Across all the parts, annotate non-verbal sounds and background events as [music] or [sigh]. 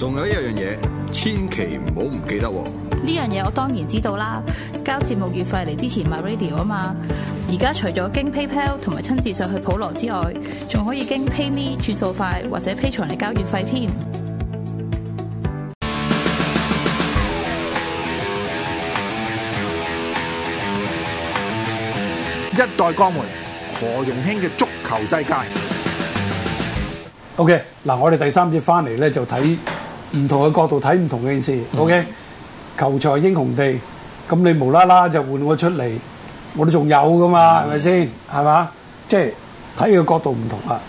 仲有一樣嘢，千祈唔好唔記得喎！呢樣嘢我當然知道啦，交節目月費嚟之前 m radio 啊嘛！而家除咗經 PayPal 同埋親自上去普羅之外，仲可以經 PayMe 轉數快或者 Pay 財嚟交月費添。一代江門何容興嘅足球世界。OK，嗱，我哋第三次翻嚟咧，就睇。唔同嘅角度睇唔同嘅件事、嗯、，OK？球場係英雄地，咁你無啦啦就換我出嚟，我都仲有噶嘛，係咪先？係嘛？即係睇嘅角度唔同啦。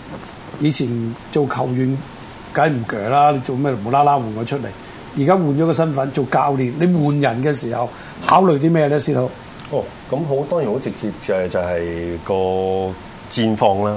以前做球員梗唔鋸啦，你做咩無啦啦換我出嚟？而家換咗個身份做教練，你換人嘅時候考慮啲咩咧？司徒哦，咁好，當然好直接嘅就係個戰況啦。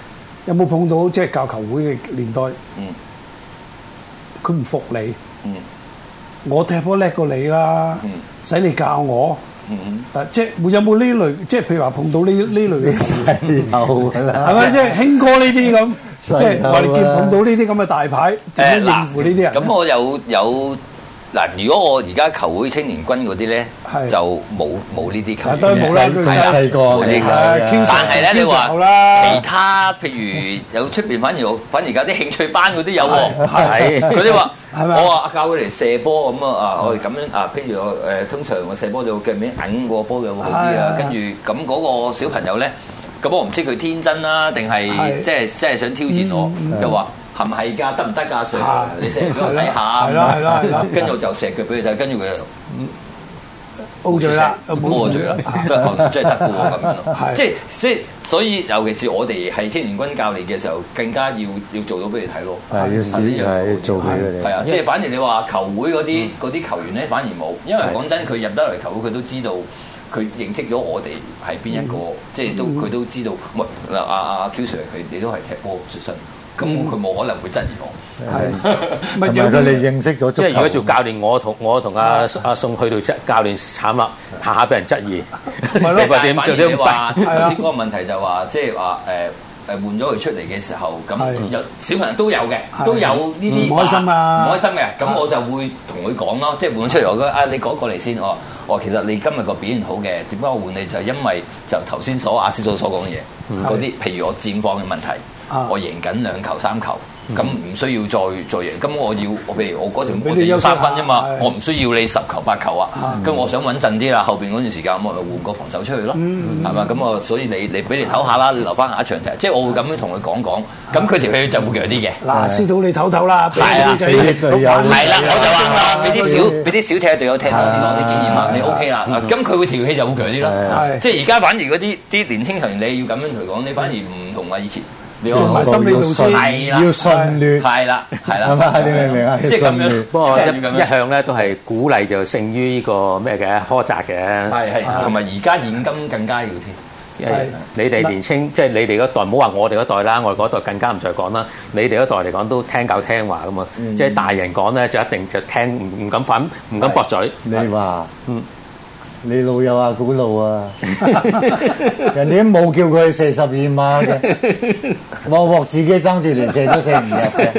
有冇碰到即係教球會嘅年代？嗯，佢唔服你，嗯，我踢波叻過你啦，使你教我？嗯，誒，即係有冇呢類？即係譬如話碰到呢呢類嘅事，係啦，係咪即係興哥呢啲咁？即係話你見碰到呢啲咁嘅大牌，點樣應付呢啲人？咁我有有。嗱，如果我而家球會青年軍嗰啲咧，就冇冇呢啲球員嘅細細個，但係咧你話其他，譬如有出面，反而反而有啲興趣班嗰啲有喎，係係佢哋話，我話阿教佢嚟射波咁啊，我哋咁樣啊，譬如我誒通常我射波就腳面揞個波有好啲啊，跟住咁嗰個小朋友咧，咁我唔知佢天真啦，定係即係即係想挑戰我，又話。係咪係噶？得唔得噶？你成日俾我睇下，係咯係咯係咯。跟住我就錫腳俾你睇，跟住佢。嗯，O 咗啦，唔錯咗啦，真係得㗎咁樣咯。即係即係，所以尤其是我哋係青年軍教練嘅時候，更加要要做到俾你睇咯。係要試一試做佢啊，即係反而你話球會嗰啲啲球員咧，反而冇。因為講真，佢入得嚟球會，佢都知道佢認識咗我哋係邊一個，即係都佢都知道。唔阿阿阿 Q sir 佢你都係踢波出身。咁佢冇可能會質疑我。係，咁咪都你認識咗。即係如果做教練，我同我同阿阿宋去到教練慘啦，下下俾人質疑。唔係咯？但係反而的個問題就話，即係話誒誒換咗佢出嚟嘅時候，咁有的小朋友都有嘅，都有呢啲唔開心啊，唔開心嘅。咁我就會同佢講咯，即係的換咗出嚟，我覺得啊，你講過嚟先哦。哦，其實你今日個表現好嘅，點解我換你？就係、因為就頭先所阿、啊、師叔所講嘅嘢，嗰啲的譬如我戰況嘅問題。我贏緊兩球三球，咁唔需要再再贏。咁我要我譬如我嗰條有三分啫嘛，我唔需要你十球八球啊。咁我想穩陣啲啦，後邊嗰段時間我換個防守出去咯，係嘛？咁我所以你你俾你唞下啦，留翻下一場踢。即係我會咁樣同佢講講，咁佢條氣就會強啲嘅。嗱，師到你唞唞啦，係啊，隊係啦，唞就唞啦，俾啲小俾啲小踢嘅隊友踢下啲我啲建議你 OK 啦。咁佢會條氣就會強啲咯。即係而家反而嗰啲啲年青球員，你要咁樣同佢講，你反而唔同話以前。做埋心理導師，係啦，係啦，係啦，你明唔明啊？即係咁樣，不過一一向咧都係鼓勵就勝於呢個咩嘅苛責嘅，係係，同埋而家現今更加要添。因為你哋年輕，即係你哋嗰代，唔好話我哋嗰代啦，外國嗰代更加唔再講啦。你哋嗰代嚟講都聽教聽話噶嘛，即係大人講咧就一定就聽，唔唔敢反，唔敢駁嘴。你話嗯？你老友阿古露啊，人哋都冇叫佢射十二碼嘅，我我自己爭住嚟射都射唔入嘅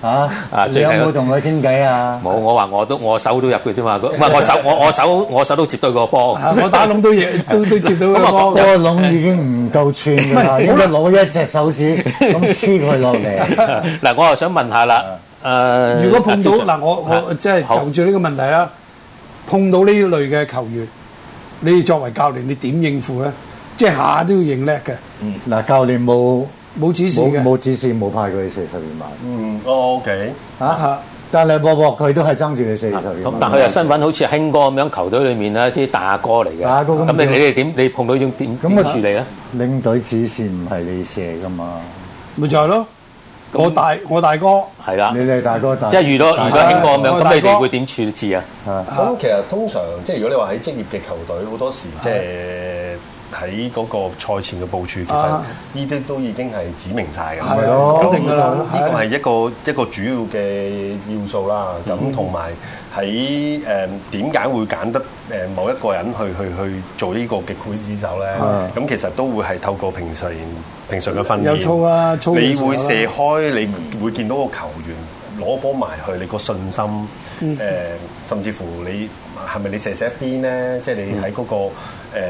嚇。你有冇同佢傾偈啊？冇，我話我都我手都入嘅啫嘛，唔係我手我我手我手都接到個波。我打籠都嘢都都接到個波，我籠已經唔夠寸㗎啦，應該攞一隻手指咁黐佢落嚟。嗱，我又想問下啦，誒，如果碰到嗱，我我即係就住呢個問題啦。碰到呢類嘅球員，你哋作為教練，你點應付咧？即係下下都要應叻嘅。嗯，嗱，教練冇冇指示嘅。冇冇指示，冇派佢射十二碼。嗯，O K，嚇，但係波波佢都係爭住去射十二碼。咁但係佢又身份好似興哥咁樣，球隊裡面啦，即係大哥嚟嘅。大哥咁，咁你你哋點？你碰到呢種點咁嘅處理咧？領隊指示唔係你射㗎嘛？咪就係咯。我大我大哥係啦，你哋大哥大，即係遇到遇到呢個咁樣，咁你哋會點處置啊？咁其實通常，即係如果你話喺職業嘅球隊，好多時即係喺嗰個賽前嘅部署，其實呢啲都已經係指明晒嘅。係咯，肯定嘅呢個係一個一個主要嘅要素啦。咁同埋。喺誒點解會揀得誒某一個人去去去做呢個極劊子手咧？咁其實都會係透過平常平常嘅訓練。有操啊，操練先。你會射開，你會見到個球員攞波埋去，你個信心誒，甚至乎你係咪你射射一邊咧？即係你喺嗰個誒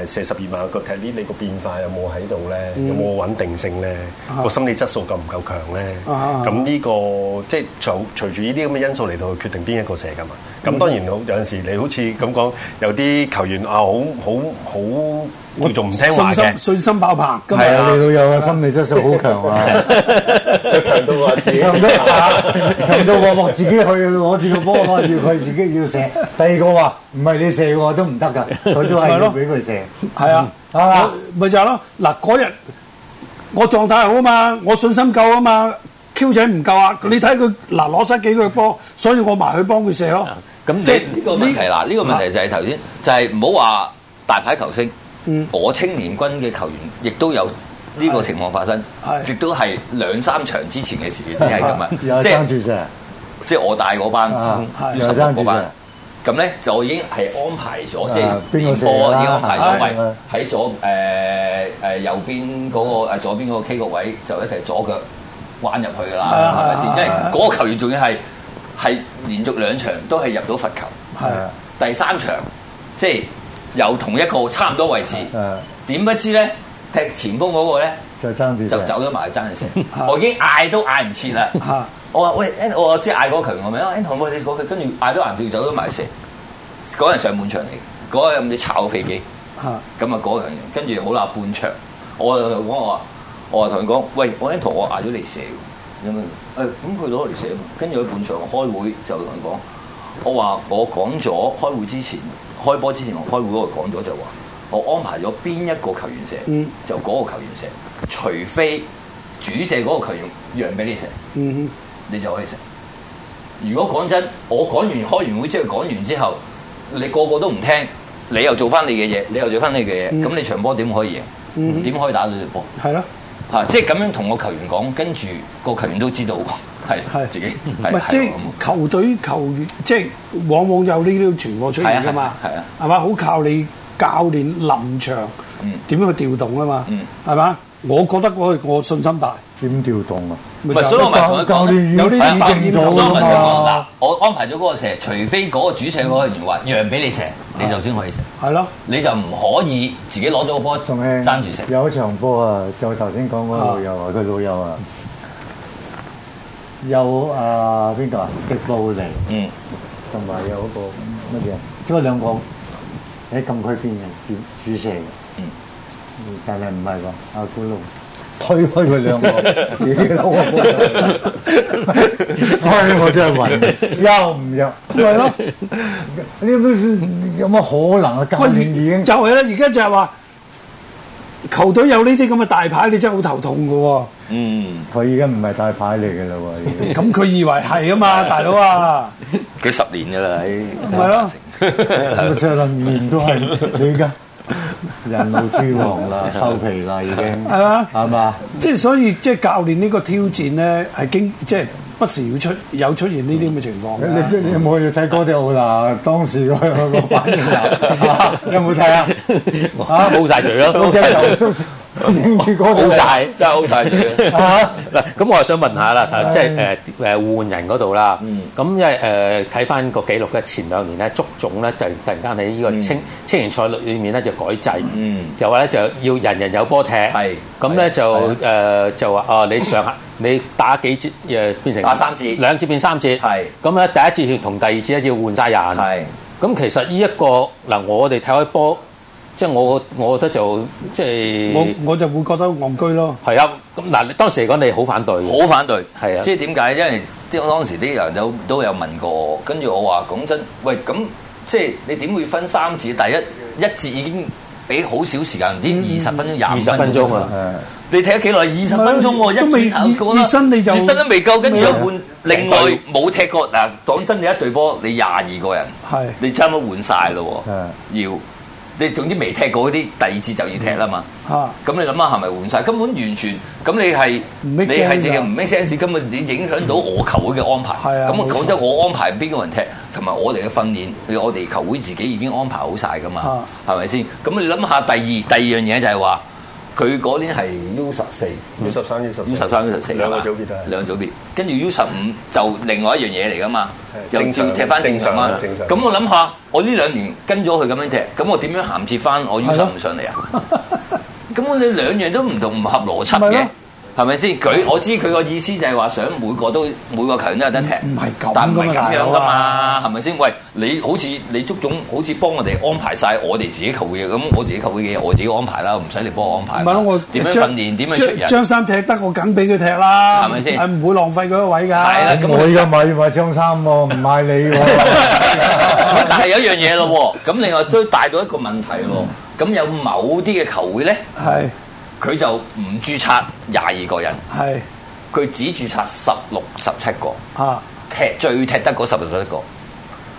射十二碼個踢呢？你個變化有冇喺度咧？有冇穩定性咧？個心理質素夠唔夠強咧？咁呢個即係就隨住呢啲咁嘅因素嚟到去決定邊一個射噶嘛？咁當然有陣時你好似咁講，有啲球員啊，好好好，我仲唔聽話信心信心爆棚，今日你老友嘅心理質素好強啊，強到話自己咩？強到我自己去攞住個波，攞住佢自己要射。第二個話唔係你射都唔得㗎，佢都係要俾佢射。係啊，係咪就係咯。嗱，嗰日我狀態好啊嘛，我信心夠啊嘛，Q 仔唔夠啊。你睇佢嗱攞晒幾個波，所以我埋去幫佢射咯。即係呢個問題啦，呢個問題就係頭先，就係唔好話大牌球星，我青年軍嘅球員亦都有呢個情況發生，亦都係兩三場之前嘅事先係咁啊！即係即係我帶嗰班，二十嗰班，咁咧就已經係安排咗，即係邊個啊？安排咗位喺左誒誒右邊嗰個，誒左邊嗰個 K 個位，就一齊左腳彎入去啦，係咪先？因為嗰個球員仲要係。係連續兩場都係入到罰球，係啊的！第三場即係、就是、由同一個差唔多位置，點不的知咧踢前鋒嗰、那個咧的就爭就走咗埋爭先，的我已經嗌都嗌唔切啦！的我話喂，我即係嗌嗰球，我咪啊，我同佢講佢跟住嗌咗藍調走咗埋射，嗰陣上半場嚟，嗰陣你炒飛機嚇，咁啊嗰個人跟住好啦，半場我我話我話同佢講，喂，我啱同我嗌咗嚟射。的咁啊！誒、哎，咁佢攞嚟射，跟住佢半場開會就同佢講，我話我講咗開會之前，開波之前同開會嗰個講咗就話，我安排咗邊一個球員射，嗯、就嗰個球員射，除非主射嗰個球員讓俾你射，嗯嗯、你就可以射。如果講真，我講完開完會即係講完之後，你個個都唔聽，你又做翻你嘅嘢，你又做翻你嘅嘢，咁、嗯、你場波點可以贏？點、嗯嗯、可以打到你個波？係咯。啊、即係咁樣同個球員講，跟住個球員都知道，係係 [laughs] 自己係 [laughs] 是即係球隊 [laughs] 球員，即係往往有呢啲傳播出嚟噶嘛，係啊，係嘛、啊，好、啊、靠你教練臨場，嗯，點樣去調動啊嘛，嗯，係嘛。我覺得我我信心大點調動啊！唔係，所以我咪同佢講，有啲認咗啦。嗱，我安排咗嗰個射，除非嗰個主射嗰個人物讓俾你射，你就先可以射，係咯的，你就唔可以自己攞咗波爭住射。有一場波啊，就頭先講嗰個老友啊，佢的老友啊，有啊邊度啊？迪布尼，嗯，同埋有一個乜嘢？即係兩個喺禁區邊嘅主主射嘅。但係唔係喎，阿古龍推開佢兩個，死佬我，喂，我真係暈，入唔入？咪係咯？有乜可能啊？今年已經就係啦，而家就係話球隊有呢啲咁嘅大牌，你真係好頭痛噶。嗯，佢而家唔係大牌嚟噶啦。咁佢以為係啊嘛，大佬啊，幾十年啦，係咪咯？就年年都係你噶。人老珠黃啦，收皮啦，已經係嘛係嘛，即係所以，即係教練呢個挑戰咧，係經即係不時要出有出現呢啲咁嘅情況。你你有冇去睇嗰啲？我嗱當時個反應有，有冇睇啊？冇晒水啊！好債真係好債吓嗱，咁我又想問下啦，即係誒誒換人嗰度啦，咁因為誒睇翻個記錄咧，前兩年咧足總咧就突然間喺呢個青青年賽裏面咧就改制，就話咧就要人人有波踢，咁咧就誒就話啊你上下你打幾節誒變成打三節兩節變三節，係咁咧第一節要同第二節咧要換晒人，咁其實呢一個嗱我哋睇開波。即係我，我覺得就即係我我就會覺得戇居咯。係啊，咁嗱，當時嚟講，你好反對，好反對，係啊。即係點解？因為當當時啲人有都有問過跟住我話講真，喂，咁即係你點會分三節？第一一節已經俾好少時間，唔知二十分鐘、廿分鐘啊！你踢咗幾耐？二十分鐘，我一節未夠啦。熱身你就熱身都未夠，跟住又換另外冇踢過嗱。講真，你一隊波你廿二個人，係你差唔多換晒咯。要。你總之未踢過嗰啲，第二次就要踢啦嘛。嚇、啊！咁你諗下係咪換晒？根本完全咁你係你係只係唔 make sen、啊、se 根本你影響到我球會嘅安排。係啊、嗯。咁講真，我安排邊個人踢同埋我哋嘅訓練，我哋球會自己已經安排好晒噶嘛。嚇、啊！係咪先？咁你諗下第二第二樣嘢就係話。佢嗰年係 U 十四、嗯、U 十三、U 十三、U 十四，兩個組別啊，兩組別。跟住 U 十五就另外一樣嘢嚟㗎嘛，就照是踢翻正常啦。正常。咁我諗下，我呢兩年跟咗佢咁樣踢，咁我點樣銜接翻我 U 十五上嚟的啊？咁 [laughs] 我哋兩樣都唔同，唔合邏輯嘅。 [laughs] 係咪先？佢我知佢個意思就係話想每個都每個球員都有得踢，唔係咁樣噶嘛，係咪先？喂，你好似你足總好似幫我哋安排晒我哋自己球會嘅，咁我自己球會嘅嘢我自己安排啦，唔使你幫我安排。唔咯，我點樣訓練？點樣出人？張三踢得，我梗俾佢踢啦，係咪先？係唔會浪費嗰個位㗎。係啦，咁我依家買買張三喎，唔買你喎。但係有一樣嘢咯，咁另外都帶到一個問題咯，咁有某啲嘅球會咧。係。佢就唔註冊廿二個人，係佢的只註冊十六、十七個，啊、踢最踢得嗰十六、十七個。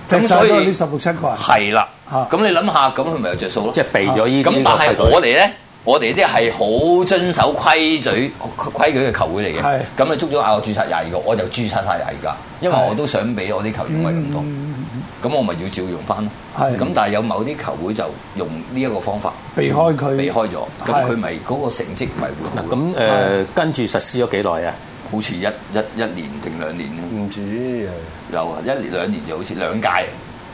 咁所以十六、十七個係啦。咁、啊、你諗下，咁佢咪有著數咯？即係避咗呢，咁但係我哋咧，我哋啲係好遵守規矩、規矩嘅球會嚟嘅。咁啊的，捉咗嗌我註冊廿二個，我就註冊晒廿二個，因為我都想俾我啲球員咪咁多。嗯咁我咪要照用翻咯，咁但係有某啲球會就用呢一個方法避開佢，避開咗，咁佢咪嗰個成績咪會好咁誒？跟住實施咗幾耐啊？好似一一一年定兩年咯，唔止有啊，一年兩年就好似兩屆，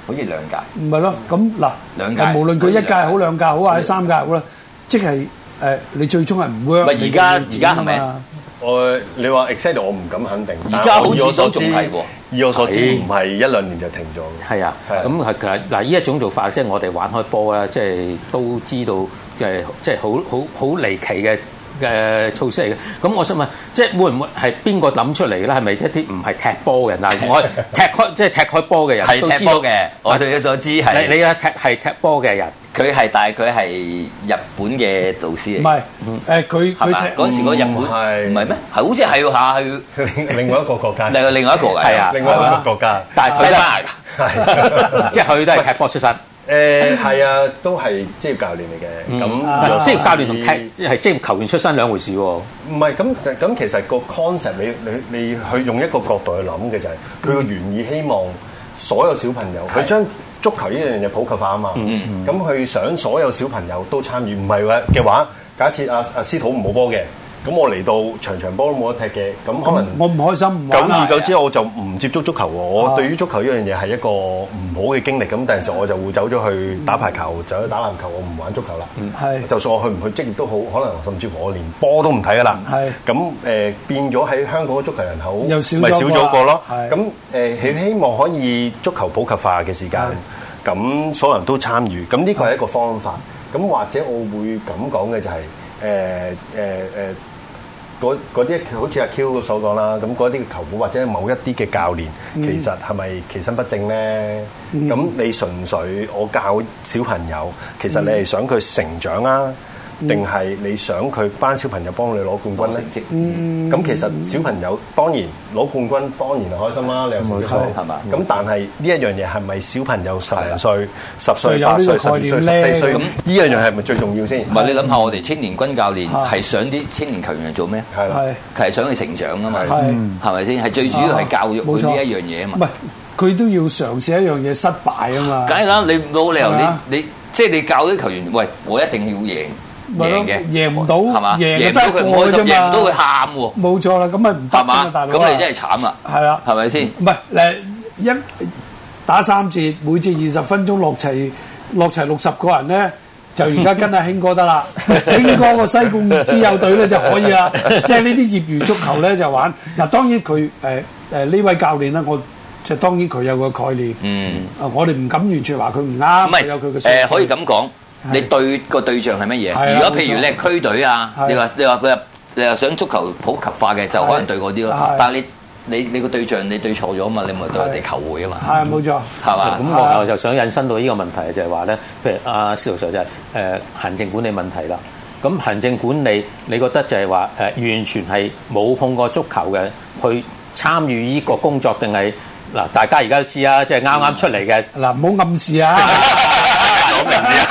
好似兩屆，唔係咯？咁嗱，兩屆，無論佢一屆好，兩屆好啊，三屆好啦，即係誒，你最終係唔 work？唔係而家而家係咪？我你話 excited，我唔敢肯定。而家好似都仲係喎。以我所知唔係的一兩年就停咗嘅。係啊的，咁係其實嗱，依一種做法即係我哋玩開波啊，即係都知道，即係即係好好好離奇嘅嘅措施嚟嘅。咁我想問，即係會唔會係邊個諗出嚟咧？係咪一啲唔係踢波嘅人？ [laughs] 我踢，踢開即係踢開波嘅人都知道嘅。我哋對所知係你嘅踢係踢波嘅人。佢係，但係佢係日本嘅導師嚟。唔係，誒佢佢嗰時個日本唔係唔係咩？係好似係要下去另外一個國家，另另外一個嘅係啊，另外一個國家，但係佢係，即係佢都係踢波出身。誒係啊，都係職業教練嚟嘅。咁職業教練同踢係職業球員出身兩回事喎。唔係咁咁，其實個 concept 你你你去用一個角度去諗嘅就係佢嘅原意，希望所有小朋友佢將。足球呢樣嘢普及化啊嘛，咁佢、嗯嗯嗯、想所有小朋友都參與，唔係嘅話，假設阿阿、啊啊、司徒唔好波嘅。咁我嚟到場場波都冇得踢嘅，咁可能我唔開心。久而久之我就唔接觸足球喎。我對於足球呢樣嘢係一個唔好嘅經歷。咁第陣時我就會走咗去打排球，走咗打籃球，我唔玩足球啦。就算我去唔去職業都好，可能甚至乎我連波都唔睇噶啦。係。咁誒變咗喺香港嘅足球人口咪少咗個咯。係。咁誒，希望可以足球普及化嘅時間，咁所有人都參與。咁呢個係一個方法。咁或者我會咁講嘅就係誒誒誒。嗰啲好似阿 Q 所講啦，咁嗰啲球隊或者某一啲嘅教練，其實係咪其身不正咧？咁、mm hmm. 你純粹我教小朋友，其實你係想佢成長啊？Mm hmm. 定係你想佢班小朋友幫你攞冠軍咧？嗯，咁其實小朋友當然攞冠軍當然係開心啦，你又成績好係嘛？咁但係呢一樣嘢係咪小朋友十零歲、十歲、八歲、十二歲、十四歲咁呢樣嘢係咪最重要先？唔係你諗下，我哋青年軍教練係想啲青年球員做咩？係啦，係係想去成長啊嘛，係咪先？係最主要係教育呢一樣嘢啊嘛。唔係佢都要嘗試一樣嘢失敗啊嘛。梗係啦，你冇理由你你即係你教啲球員喂，我一定要贏。贏嘅，贏唔到係嘛？贏得過，贏唔到佢喊喎。冇錯啦，咁咪唔得咯，大佬。咁你真係慘啦。係啦，係咪先？唔係，誒，一打三節，每節二十分鐘，落齊落齊六十個人咧，就而家跟阿興哥得啦。興哥個西貢支友隊咧就可以啦，即係呢啲業餘足球咧就玩。嗱，當然佢誒誒呢位教練咧，我即係當然佢有個概念。嗯。啊，我哋唔敢完全話佢唔啱。唔係，有佢嘅。誒，可以咁講。你對個對象係乜嘢？啊、如果譬如你係區隊啊，啊你話你話你話想足球普及化嘅，就可能對嗰啲咯。啊啊、但係你你你個對象你對錯咗啊嘛，你咪對佢哋球會啊嘛。係冇錯，係嘛吧？咁、啊、我就想引申到呢個問題，就係話咧，譬如阿、啊、司徒 Sir 就係誒行政管理問題啦。咁行政管理，你覺得就係話誒完全係冇碰過足球嘅，去參與呢個工作定係嗱？大家而家都知、就是剛剛嗯、啊，即係啱啱出嚟嘅嗱，唔好暗示啊～ [laughs] [laughs]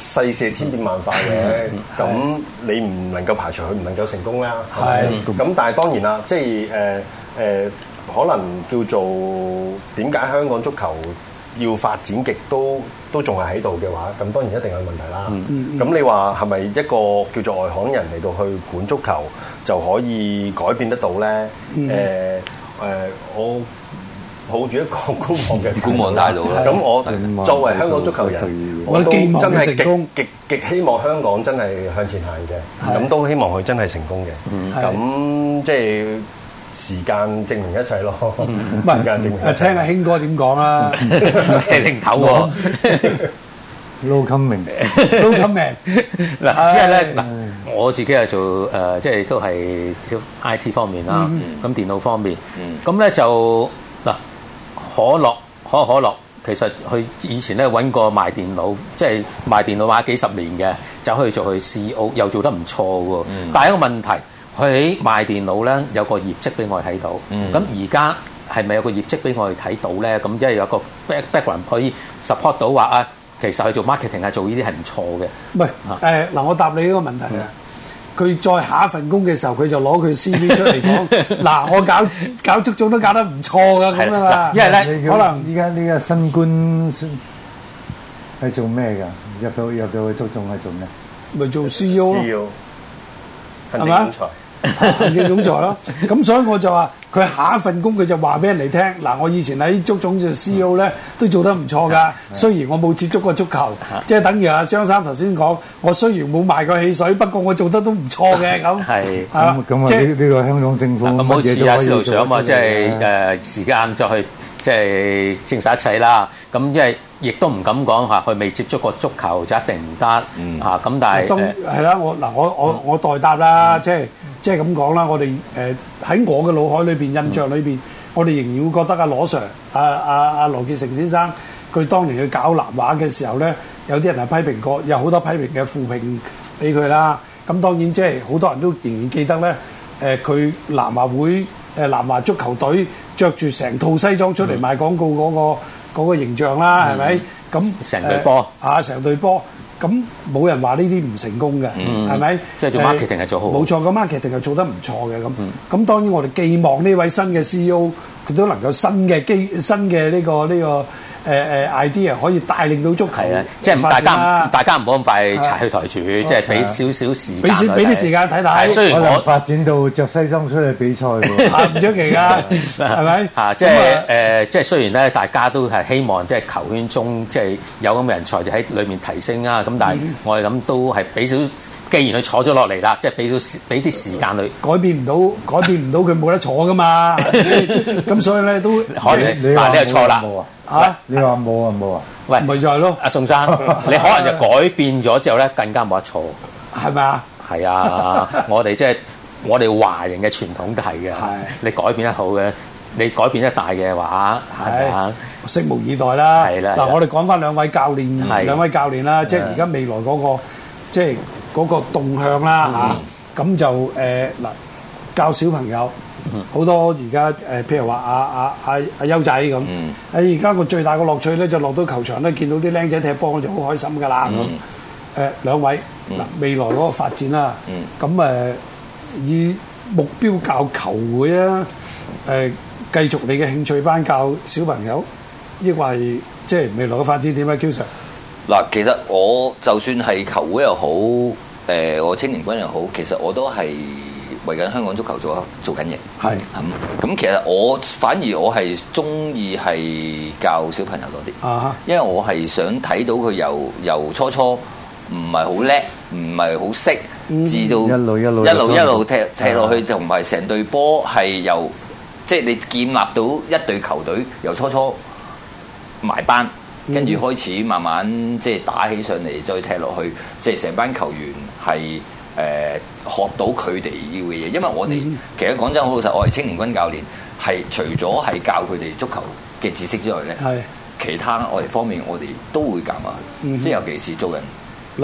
誒世事千變萬化嘅，咁 [laughs] 你唔能夠排除佢唔能夠成功啦。係，咁但係當然啦，即係誒誒，可能叫做點解香港足球要發展極都都仲係喺度嘅話，咁當然一定有問題啦。咁 [noise] 你話係咪一個叫做外行人嚟到去管足球就可以改變得到呢？誒誒、 [noise] 呃呃，我。抱住一個觀望嘅觀望態度啦。咁我作為香港足球人，我都真係極極極希望香港真係向前行嘅。咁都希望佢真係成功嘅。咁即係時間證明一切咯。時間證明，聽下興哥點講啊？拎頭喎，low command，low command。嗱，因為咧嗱，我自己係做誒，即係都係 I T 方面啦。咁電腦方面，咁咧就。可樂，可可樂，其實佢以前咧揾過賣電腦，即係賣電腦賣幾十年嘅，就可以做佢 C E O 又做得唔錯喎。嗯、但係一個問題，佢賣電腦咧有個業績俾我哋睇到。咁而家係咪有個業績俾我哋睇到咧？咁即係有個 background 可以 support 到話啊，其實佢做 marketing 啊，做呢啲係唔錯嘅。唔係誒，嗱我答你呢個問題啊。嗯佢再下一份工嘅時候，佢就攞佢 C.V. 出嚟講，嗱 [laughs] 我搞搞足總都搞得唔錯噶，咁啊嘛，因為咧，可能依家呢個新官係做咩噶？入到入到去足總係做咩？咪做 C.E.O. 咯，係嘛？嘅總座咯，咁所以我就話佢下一份工佢就話俾人哋聽嗱，我以前喺足總做 CEO 咧都做得唔錯噶，雖然我冇接觸過足球，即係等於阿張生頭先講，我雖然冇賣過汽水，不過我做得都唔錯嘅咁。係啊，咁啊，即係呢個香港政府乜嘢都可以做。咁好似阿司徒想啊，即係誒時間再去即係證實一切啦。咁即係亦都唔敢講嚇，佢未接觸過足球就一定唔得。嗯，嚇咁但係係啦，我嗱我我我代答啦，即係。即係咁講啦，我哋誒喺我嘅腦海裏邊、印象裏邊，我哋仍然會覺得啊，羅生、啊啊啊羅傑承先生，佢當年去搞南華嘅時候咧，有啲人係批評過，有好多批評嘅負評俾佢啦。咁當然即係好多人都仍然記得咧，誒佢南華會、誒南華足球隊著住成套西裝出嚟賣廣告嗰個嗰個形象啦，係咪？咁成對波啊！成對波。咁冇人話呢啲唔成功嘅，係咪、嗯？是是即係做 market 定係做好？冇錯，個 market 定係做得唔錯嘅。咁咁、嗯、當然我哋寄望呢位新嘅 CEO，佢都能夠新嘅機、新嘅呢個呢個。呢個誒誒、uh, idea 可以帶領到足球咧，即係大家大家唔好咁快踩去台柱，即係俾少少時間睇睇。俾少俾啲時間睇睇。雖然我，我發展到着西裝出去比賽唔出奇噶，係咪、啊？啊，即係誒，即、呃、係、就是、雖然咧，大家都係希望即係、就是、球圈中即係有咁嘅人才就喺裏面提升啊。咁但係我哋咁都係俾少。既然佢坐咗落嚟啦，即係俾到俾啲時間佢改變唔到，改變唔到佢冇得坐噶嘛。咁所以咧都，但係你錯啦。嚇，你話冇啊冇啊？喂，咪就係咯。阿宋生，你可能就改變咗之後咧，更加冇得坐。係咪啊？係啊！我哋即係我哋華人嘅傳統係嘅。係。你改變得好嘅，你改變得大嘅話，係啊，拭目以待啦。係啦。嗱，我哋講翻兩位教練，兩位教練啦，即係而家未來嗰個即係。嗰個動向啦嚇，咁就誒嗱教小朋友好、嗯、多而家誒，譬如話阿阿阿阿優仔咁，誒而家個最大嘅樂趣咧就落到球場咧，見到啲靚仔踢波，我就好開心噶啦咁。誒、嗯啊、兩位嗱、嗯、未來嗰個發展啦，咁誒、嗯啊、以目標教球會啊，誒繼續你嘅興趣班教小朋友，亦或係即係未來嘅發展點啊，Q sir。嗱，其實我就算係球會又好，誒、呃，我青年軍又好，其實我都係為緊香港足球做做緊嘢。係咁是，咁、嗯、其實我反而我係鍾意係教小朋友多啲，啊、哈因為我係想睇到佢由由初初唔係好叻，唔係好識，至、嗯、直到一路一路一路一路踢踢落去，同埋成隊波係由即係你建立到一隊球隊，由初初，初埋班。跟住、嗯、開始慢慢即係打起上嚟，再踢落去，即係成班球員係誒、呃、學到佢哋要嘅嘢。因為我哋、嗯、其實講真好老實，我係青年軍教練，係除咗係教佢哋足球嘅知識之外咧，是其他我哋方面我哋都會教埋。嗯、即係尤其是做人，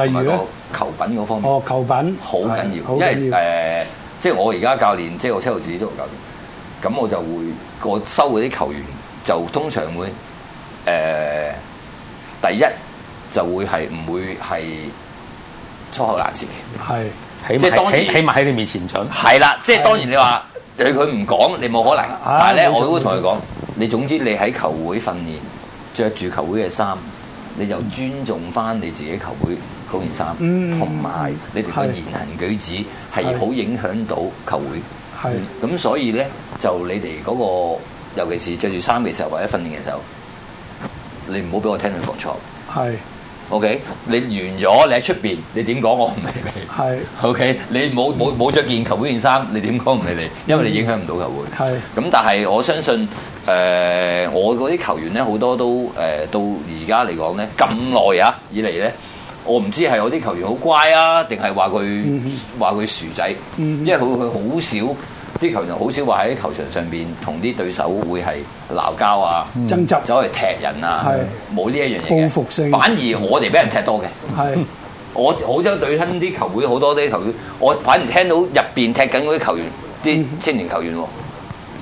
例如個球品嗰方面。哦，球品好緊要，要因為誒、呃，即係我而家教練，即係我車路士足球教練。咁我就會個收嗰啲球員，就通常會誒。呃呃呃呃呃第一就會係唔會係粗口爛舌，係即係起起碼喺你面前講，係啦。即係當然你話對佢唔講，你冇可能。但係你我都會同佢講，你總之你喺球會訓練，着住球會嘅衫，你就尊重翻你自己球會嗰件衫，同埋你哋嘅言行舉止係好影響到球會，係咁。所以咧，就你哋嗰個，尤其是着住衫嘅時候或者訓練嘅時候。你唔好俾我聽你講錯。係是，OK？你完咗，你喺出邊，你點講我唔理你。係是，OK？你冇冇冇著件球會件衫，你點講唔理你，因為你影響唔到球會。係、嗯。咁但係我相信，誒、呃，我嗰啲球員咧，好多都誒、呃，到而家嚟講咧，咁耐啊，以嚟咧，我唔知係我啲球員好乖啊，定係話佢話佢薯仔，嗯、因為佢佢好少。啲球員好少話喺球場上邊同啲對手會係鬧交啊、爭執、走去踢人啊，冇呢一樣嘢嘅。報復性。反而我哋俾人踢多嘅。係。我好多隊親啲球會，好多啲球員，我反而聽到入邊踢緊嗰啲球員，啲青年球員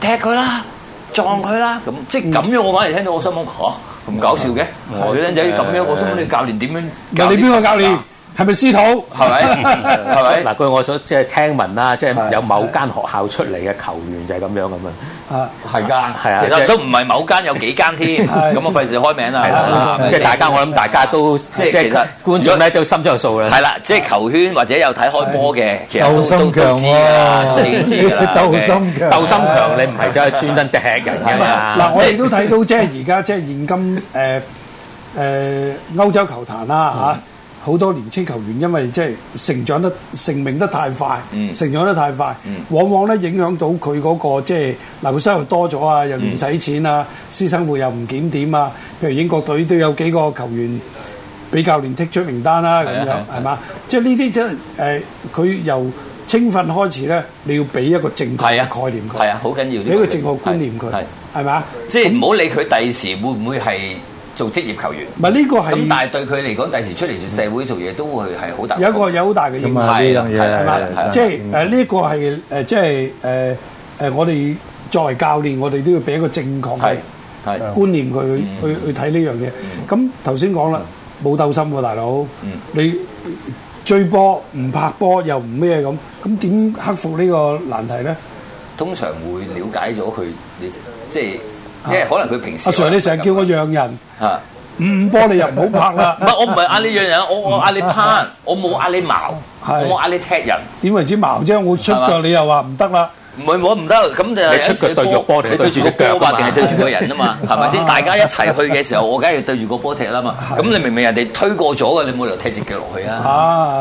踢佢啦、撞佢啦，咁即係咁樣。我反而聽到我心諗嚇，咁搞笑嘅。啲僆仔咁樣，我心諗你教練點樣？教你邊個教練？係咪司徒？係咪？係咪？嗱，據我所即係聽聞啦，即係有某間學校出嚟嘅球員就係咁樣咁啊。啊，係㗎，係啊，其實都唔係某間有幾間添。咁我費事開名啦。即係大家，我諗大家都即係其實觀眾咧都心中有數啦。係啦，即係球圈或者有睇開波嘅，其實都都知㗎，你知㗎。鬥心強，鬥心強，你唔係就係專登踢人㗎嘛。嗱，我哋都睇到即係而家即係現今誒誒歐洲球壇啦嚇。好多年青球員，因為即係成長得成名得太快，成長得太快，往往咧影響到佢嗰個即係流失又多咗啊，又唔使錢啊，嗯、私生活又唔檢點啊。譬如英國隊都有幾個球員俾教練剔出名單啦，咁樣係嘛？即係呢啲即係誒，佢由青訓開始咧，你要俾一個正確概念佢，係啊，好緊要，俾個正確觀念佢，係嘛？即係唔好理佢第時會唔會係。做職業球員，唔係呢個係咁，但係對佢嚟講，第時出嚟做社會做嘢都會係好大。有一個有好大嘅影響嘅嘢，係嘛？即係誒呢個係誒，即係誒誒，我哋作為教練，我哋都要俾一個正確嘅係觀念佢去去睇呢樣嘢。咁頭先講啦，冇鬥心喎，大佬，你追波唔拍波又唔咩咁，咁點克服呢個難題咧？通常會了解咗佢，你即係。因為、啊、可能佢平時阿、啊、Sir，你成日叫我讓人，啊，五五波你又唔好拍啦。唔係 [laughs] 我唔係嗌你讓人，我我嗌你攀，我冇嗌你， [laughs] 你矛，是我嗌你踢人。點為之矛啫？我出腳 [laughs] 你又話唔得啦。唔係我唔得，咁就你出腳對肉波，你對住隻腳定係對住個人啊嘛？係咪先？大家一齊去嘅時候，我梗係要對住個波踢啦嘛。咁你明明人哋推過咗嘅，你冇理由踢隻腳落去啊？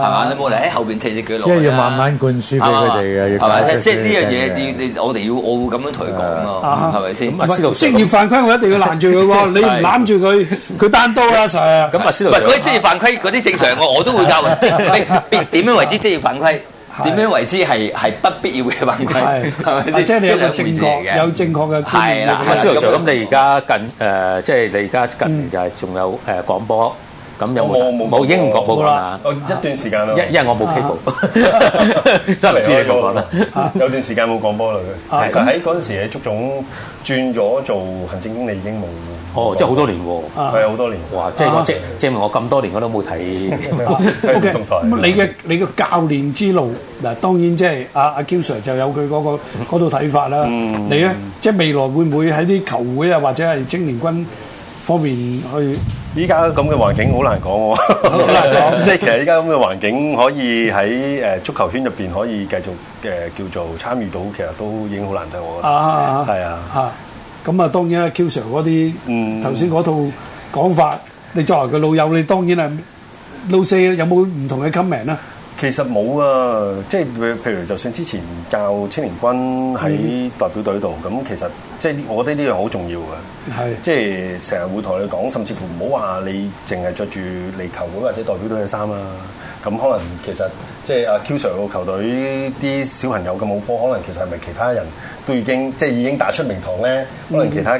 係嘛？你冇理喺後邊踢隻腳落去啊？即係要慢慢灌輸俾佢哋啊。係咪？即係呢樣嘢，你你我哋要，我會咁樣同佢講咯，係咪先？咁啊，職業犯規我一定要攔住佢喎，你唔攬住佢，佢單刀啊 Sir！咁啊，司徒。職業犯規啲正常我都會教，點樣為之職業犯規？點樣為之係係不必要嘅犯規？係咪先？ [laughs] 的即係你有正，有正確嘅，嗯、有正確嘅。係啦，阿司徒 Sir，咁你而家近誒，即係你而家近就係仲有誒廣播。咁有冇冇英國嘅啊？我一段時間咯，因因為我冇 cable，真係唔知你講咩。有段時間冇講波啦。其實喺嗰陣時，喺足總轉咗做行政經理，已經冇。哦，即係好多年喎。係啊，好多年。哇，即係即證明，我咁多年我都冇睇。O K，咁你嘅你嘅教練之路嗱，當然即係阿阿 Kia Sir 就有佢嗰個嗰度睇法啦。你咧，即係未來會唔會喺啲球會啊，或者係青年軍？方便去，依家咁嘅環境好難講喎，即係其實依家咁嘅環境可以喺誒足球圈入邊可以繼續誒叫做參與到，其實都已經好難得我覺得。啊，係啊，咁啊當然啦，Q sir 嗰啲頭先嗰套講法，你作為佢老友，你當然係老四有冇唔同嘅 comment 啊？其實冇啊，即係譬如，就算之前教青年軍喺代表隊度，咁、mm hmm. 其實即係我覺得呢樣好重要嘅，mm hmm. 即係成日會同你講，甚至乎唔好話你淨係着住嚟球會，或者代表隊嘅衫啊，咁可能其實即係阿 Q sir 個球隊啲小朋友咁好波，可能其實係咪其他人都已經即係已經打出名堂咧？Mm hmm. 可能其他誒誒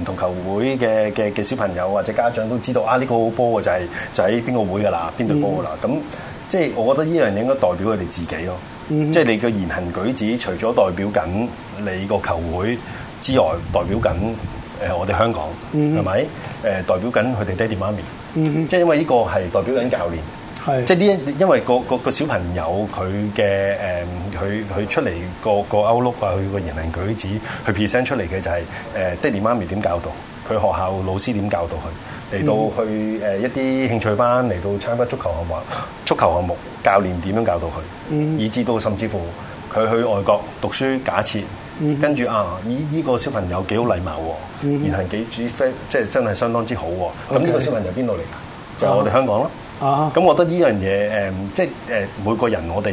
唔同球會嘅嘅嘅小朋友或者家長都知道啊，呢、呢個好波嘅就係、係、就喺邊個會噶啦，邊隊波噶啦咁。Mm hmm. 即係，我覺得呢樣嘢應該代表佢哋自己咯。嗯、哼即係你嘅言行舉止，除咗代表緊你個球會之外，代表緊誒我哋香港，係咪、嗯哼？誒代表緊佢哋爹哋媽咪。嗯、哼即係因為呢個係代表緊教練。是即係呢，因為個個小朋友佢嘅誒，佢佢出嚟個個 outlook 啊，佢個言行舉止，佢 present 出嚟嘅就係誒爹哋媽咪點教導佢，學校老師點教導佢。嚟到去誒一啲興趣班，嚟到參加足球項目，足球項目教練點樣教到佢，嗯、以致到甚至乎佢去外國讀書，假設、嗯、跟住啊，依、這、呢個小朋友幾好禮貌，嗯、然後幾主即係真係相當之好。咁呢 Okay. 個小朋友邊度嚟？Okay. 就係我哋香港咯。啊，咁我覺得呢樣嘢誒，即係誒每個人我哋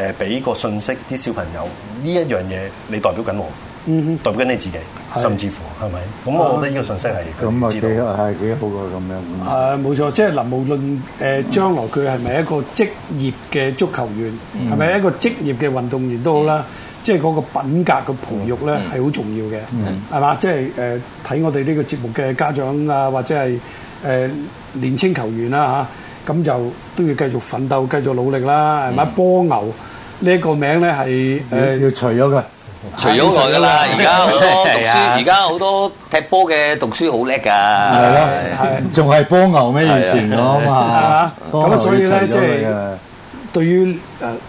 要誒俾個信息啲小朋友，呢一樣嘢你代表緊我。嗯，代表你自己，甚至乎係咪？咁我覺得呢個信息係佢唔知道。咁我哋係幾好咁樣。誒，冇錯，即係嗱，無論誒將來佢係咪一個職業嘅足球員，係咪一個職業嘅運動員都好啦，即係嗰個品格嘅培育咧係好重要嘅，係嘛？即係誒睇我哋呢個節目嘅家長啊，或者係誒年青球員啦嚇，咁就都要繼續奮鬥、繼續努力啦，係咪？波牛呢個名咧係誒要除咗嘅。除咗好耐噶啦，而家好多讀書，而家好多踢波嘅讀書好叻噶。係咯，仲係波牛咩以前嗰嘛？嚇，咁所以咧，即係對於誒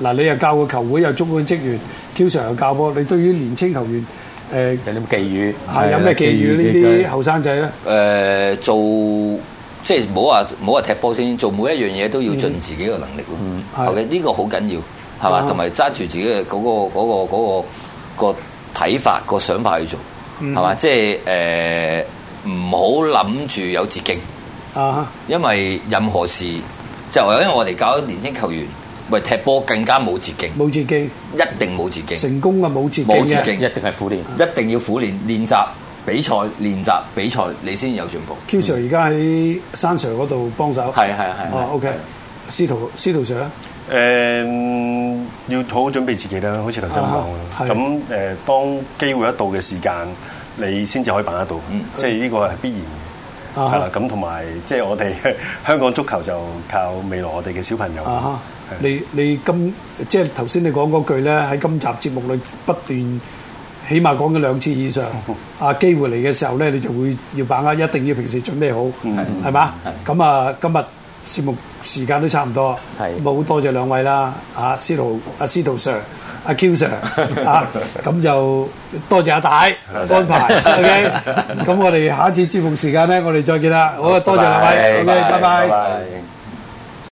嗱，你又教個球會又捉個職員，經常又教波。你對於年青球員誒有啲寄語係有咩寄語呢？啲後生仔咧誒做即係唔好話唔好話踢波先，做每一樣嘢都要盡自己嘅能力。嗯，係嘅，呢個好緊要係嘛，同埋揸住自己嘅嗰個嗰個嗰個。個睇法、個想法去做，係嘛？即係誒，唔好諗住有捷徑啊！因為任何事就因為我哋搞年輕球員，喂踢波更加冇捷徑，冇捷徑，一定冇捷徑。成功啊，冇捷徑冇捷徑，一定係苦練，一定要苦練練習比賽、練習比賽，你先有進步。Q sir，而家喺山 sir 嗰度幫手，係啊係係啊。OK 司徒司徒 sir。誒、uh, 要好好準備自己啦，好似頭先講咁誒，uh、huh, 當機會一到嘅時間，你先至可以把握到，uh huh. 即係呢個係必然嘅，係啦、uh。咁同埋即係我哋香港足球就靠未來我哋嘅小朋友。Uh huh. 的你你今即係頭先你講嗰句咧，喺今集節目裏不斷，起碼講咗兩次以上。啊，機會嚟嘅時候咧，你就會要把握，一定要平時準備好，係嘛？咁啊，今日。節目時間都差唔多，冇是的 多謝兩位啦、啊，啊司徒阿司徒 Sir、啊、阿 Q Sir 啊，咁就多謝阿大安排 [laughs] ，OK，咁我哋下一次節目時間咧，我哋再見啦，好啊，好多謝兩位，OK，拜拜。